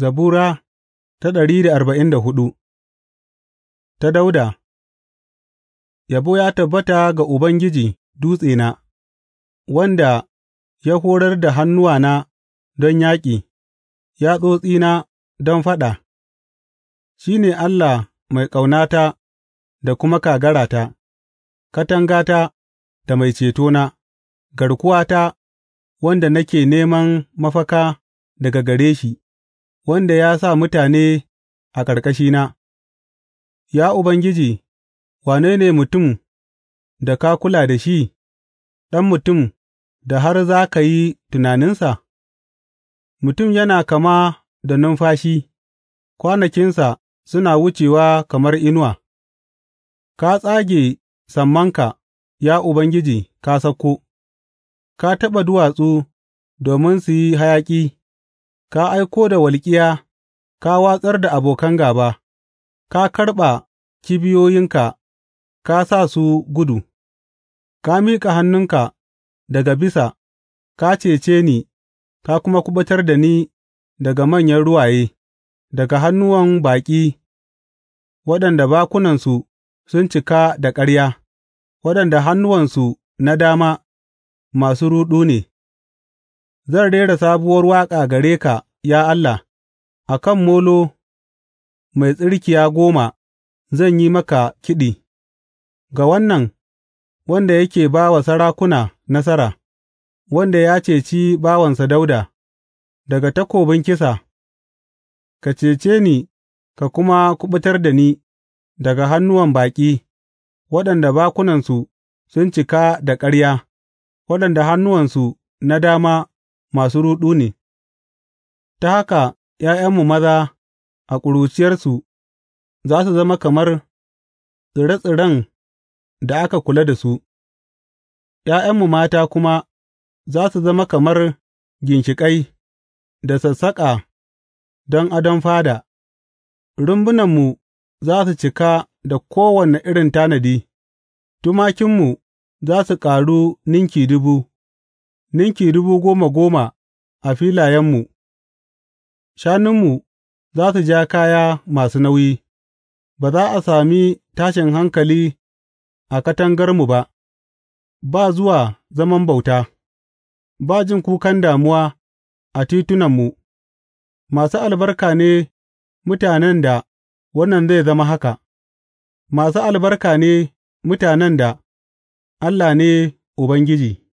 Zabura ta ɗari da arba'in da hudu Ta Dauda Yabo ya tabbata ga Ubangiji dutsena, wanda ya horar da hannuwana don yaƙi, tsotsina don faɗa, shi ne Allah mai ƙaunata da kuma kagarata, katangata da mai cetona, garkuwata wanda nake neman mafaka daga gare shi. wanda ya sa mutane a ƙarƙashina Ya Ubangiji, wane ne mutum da ka kula da shi, ɗan mutum da har za ka yi tunaninsa? Mutum yana kama da numfashi, kwanakinsa suna wucewa kamar inuwa; ka tsage sammanka, ya Ubangiji, ka sauko, ka taɓa duwatsu domin su yi hayaƙi. Ka aiko da walƙiya ka watsar da abokan gāba; ka karɓa kibiyoyinka ka sa su gudu; ka miƙa hannunka daga bisa ka cece ni ka kuma kuɓutar da ni daga manyan ruwaye, daga hannuwan baƙi waɗanda bakunansu sun cika da ƙarya, waɗanda hannuwansu na dama masu ruɗu ne. Zan rera sabuwar waƙa gare ka, ya Allah; a kan molo mai tsirkiya goma zan yi maka kiɗi, ga wannan wanda yake ba wa sarakuna nasara, wanda ya ceci bawansa Dawuda daga takobin kisa, ka cece ni ka kuma kuɓutar da ni daga hannuwan baƙi, waɗanda bakunansu sun cika da ƙarya, waɗanda hannuwansu na dama. masu ruɗu ne, ta haka ’ya'yanmu maza a ƙuruciyarsu za su zama kamar tsire tsiren da aka kula da su, ’ya'yanmu mata kuma za su zama kamar ginshiƙai da sassaƙa don adon fada, rumbunanmu za su cika da kowane irin tanadi, tumakinmu za su ƙaru ninki dubu. ninki dubu goma goma a filayenmu, shanunmu za su ja kaya masu nauyi, ba za a sami tashin hankali a katangarmu ba, ba zuwa zaman bauta, ba jin kukan damuwa a titunanmu, masu albarka ne mutanen da wannan zai zama haka, masu albarka ne mutanen da Allah ne Ubangiji.